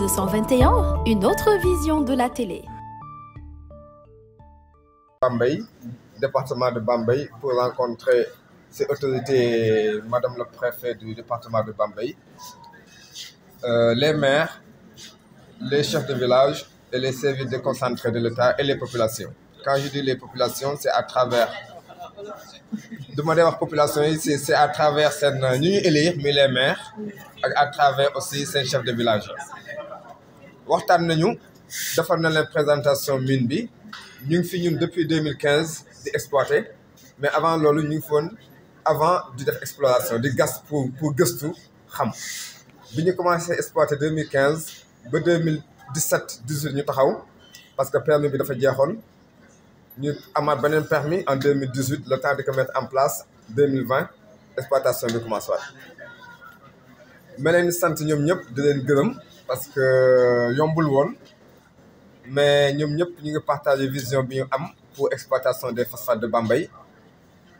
221, une autre vision de la télé. Bambay, département de Bambay, pour rencontrer ces autorités, Madame le préfet du département de Bambay, euh, les maires, les chefs de village et les services déconcentrés de l'État et les populations. Quand je dis les populations, c'est à travers demander à la population c'est à travers ces et élire mais les maires à travers aussi ces chefs de village nous avons fait na présentation mine bi ñu fi depuis 2015 d'exploiter. mais avant loolu ñu fait avant de def di pour pour gëstu xam bi ñu commencé exploiter 2015 en 2017 18 ñu taxaw parce que permis bi dafa jeexoon ñu amaat beneen permis en 2018 le temps de mettre en place 2020 exploitation a commencé waat ma leen sant ñoom ñëpp de parce que yombul won mais ñom ñep ñu ngi partager vision bi ñu am pour exploitation des façades de Bambey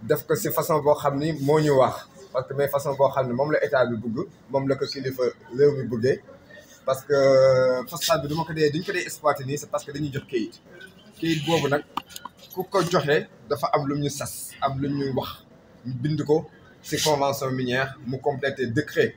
def ko ci façon bo xamni mo ñu wax parce que mais façon bo xamni mom la état bi bëgg mom la ko kilifa réew mi bëggee parce que euh, façade bi du ko dé duñ ko dé exploiter ni c'est parce que dañuy jox kayit kayit bobu nak ku ko joxé dafa am lu ñu sas am lu ñu wax ñu bind ko ci convention minière mu compléter décret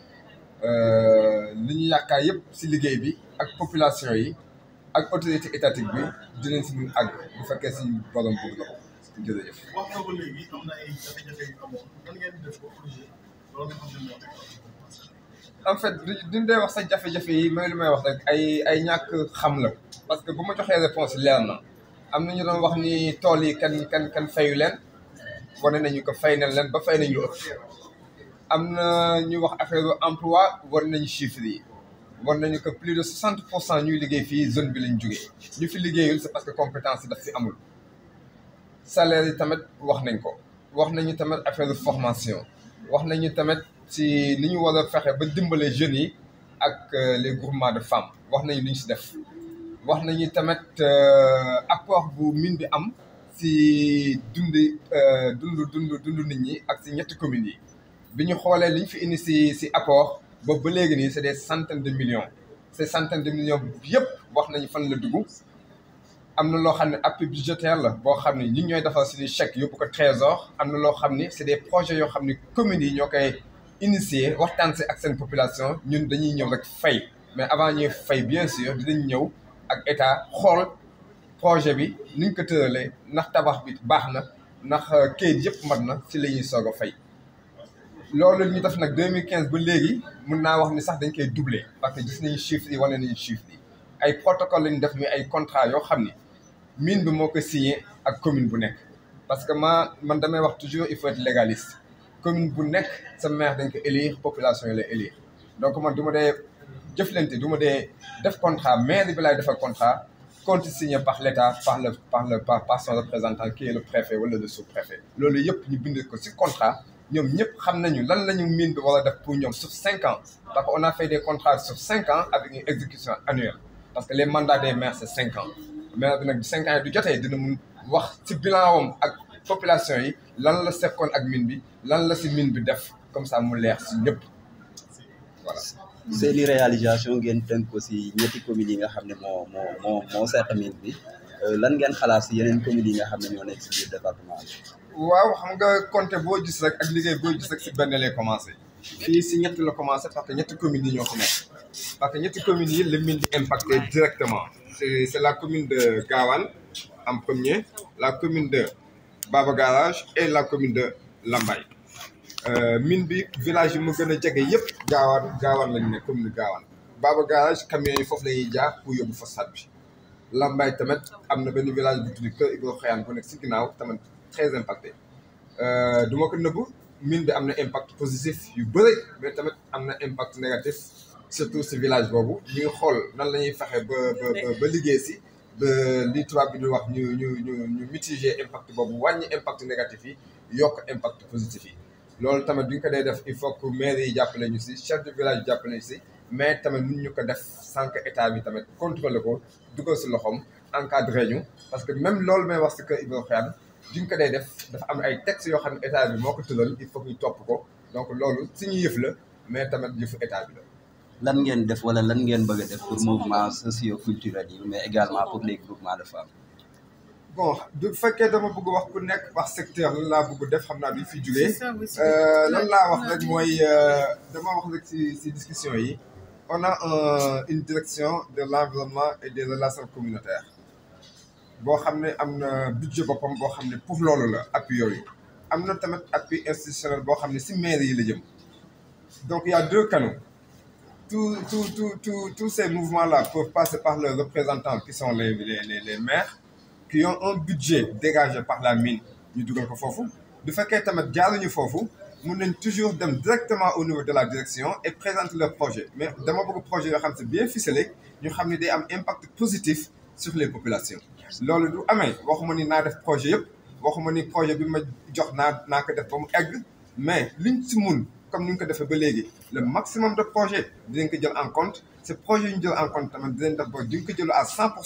Euh, li ñu yaakaar yëpp si liggéey bi ak population yi ak autorité étatique bi dinañ si mun àgg bu fekkee si borom bëgg na nga fait duñ dee wax sax jafe yi mooy li may wax rek ay ay ñàkk xam la parce que bu ma joxee réponse leer na am na ñu doon wax ni tool yi kan kan kan fayu leen wane nañu ko fay nañ leen ba fay nañu lu amna ñu wax affaire emploi war nañ chiffres yi war nañ que plus de 60 ñuy liggéey fii zone bi lañ jógee ñu fi liggéeyul c'est parce que compétence yi daf fi amul salaire yi tamit wax nañ ko wax nañu tamit affaire formation wax nañu tamit ci li ñu war a fexe ba dimbale jeunes yi ak euh, les groupements de femmes wax nañu lu ñu si def wax nañu tamit euh, apport bu mine bi am ci dund euh, dund dund dund nit ñi ak ci ñetti communes yi bi ñu xoolee li fi indi si si apport boobu ba léegi nii c'est des centaines de millions ces centaines de millions yëpp wax nañu fan la dugg am na loo xam ne appui budgétaire la boo xam ne ñi ñooy defal suñuy chèque yóbbu ko trésor am na loo xam ne c'est des projets yoo xam ne communes yi ñoo koy initier waxtaan si ak seen population ñun dañuy ñëw rek fay mais avant ñuy fay bien sûr dinañ ñëw ak état xool projet bi niñ ko tëralee ndax tabax bi baax na ndax euh, kayit yëpp mat na si la ñuy soog a fay loolu ñu def nag 2015 mille quinze ba léegi mun naa wax ni sax dañ koy doubler parce que gis nañu chiffres yi wane nañu chiffres yi ay protocole lañu def mi ay contrat yoo xam ni mine bi moo ko signé ak commune bu nekk parce que ma man damay wax toujours il faut être légaliste commune bu nekk sa maire dañ ko élire population yi la élire donc man du ma dee jëflante du ma dee def contrat maire bi lay defal contrat compte signé par l' état par le par le par son représentant qui est le préfet wala le sous préfet loolu yëpp ñu bind ko si contrat ñoom ñëpp xam nañu sur ans on a fait des contrats sur 5 ans avec une exécution annuelle parce que les mandats des maires c'est 5 ans maire bi ans du dina wax ci bilan wam ak population yi lan la bi la comme ça mu voilà. réalisation ngeen euh, lan ngeen xalaat si yeneen communes yi nga xam ne ñoo nekk si biir département bi. waaw xam nga compté boo gis rek ak liggéey boo gis rek si benn lay commencé. fii si ñett la commencé parce que ñetti communes yi ñoo ko nekk. parce que ñetti communes yi la mine di impacté directement. c' est c' est la commune de Gawane en premier la commune de Baba Garage et la commune de Lambaye. Euh, mine bi village yi mu gën a jege yëpp Gawane Gawane lañu ne commune Gawane Baba Garage camions yi foofu lañuy ñuy jaar pour yóbbu phosphate bi. Lambaye tamit am na benn village bu tudd Kër Ibro Xayaan bu nekk si ginnaaw tamit très impacté euh, du ma ko nëbbu mine bi am na impact positif yu bëri mais tamit am na impact négatif surtout si village boobu ñu ngi xool nan la ñuy fexe ba ba ba liggéey si ba li tubaab bi di wax ñu ñu ñu ñu mitiger impact boobu wàññi impact négatif yi yokk impact positif yi. loolu tamit du duñ ko dee def il faut que maire yi jàpp ñu si chef de village jàppale ñu si mais tamit mun ñu ko def sànq état bi tamit contrôlé ko dugal si loxoom encadré ñu parce que même loolu may wax si kër Ibrahima Xiyaan duñ ko dee def dafa am ay textes yoo xam ne état bi moo ko tëral il faut que topp ko donc loolu suñu yëf la mais tamit yëfu état bi la. lan ngeen def wala lan ngeen bëgg a def pour mouvement socio culturel yi mais également pour les groupements bon du fekkee dama bëgg wax ku nekk par secteur la laa bëgg def xam naa bi fi jugee lan laa wax rek mooy euh, dama wax rek si si discussion yi on a une direction de l'environnement et des relations communautaires boo xam ne am na budget boppam boo xam ne pour loolu la appui yooyu am na tamit appui institutionnel boo xam ne si maire yi la jëm donc il y a deux canaux tout tout tout tout tous ces mouvements là peuvent passer par leurs représentants qui sont les les les maires qui ont un budget dégagé par la mine ñu dugal De fait, bu fekkee tamit jaaruñu foofu nous nañ toujours dem directement au niveau de la direction et présenter leur projet mais dama bëgg projet projets, xam c'est bien ficelé ñu xam ne am impact positif sur les populations Lors du amee waxuma ni naa def projet yëpp waxuma ni projet bi ma jox naa naa def ba mu mais liñ comme nous ñu ko defee ba le maximum de projet dinañ ko jël en compte ces projets yu ñu jël en compte tamit dinañ def ba à 100% pour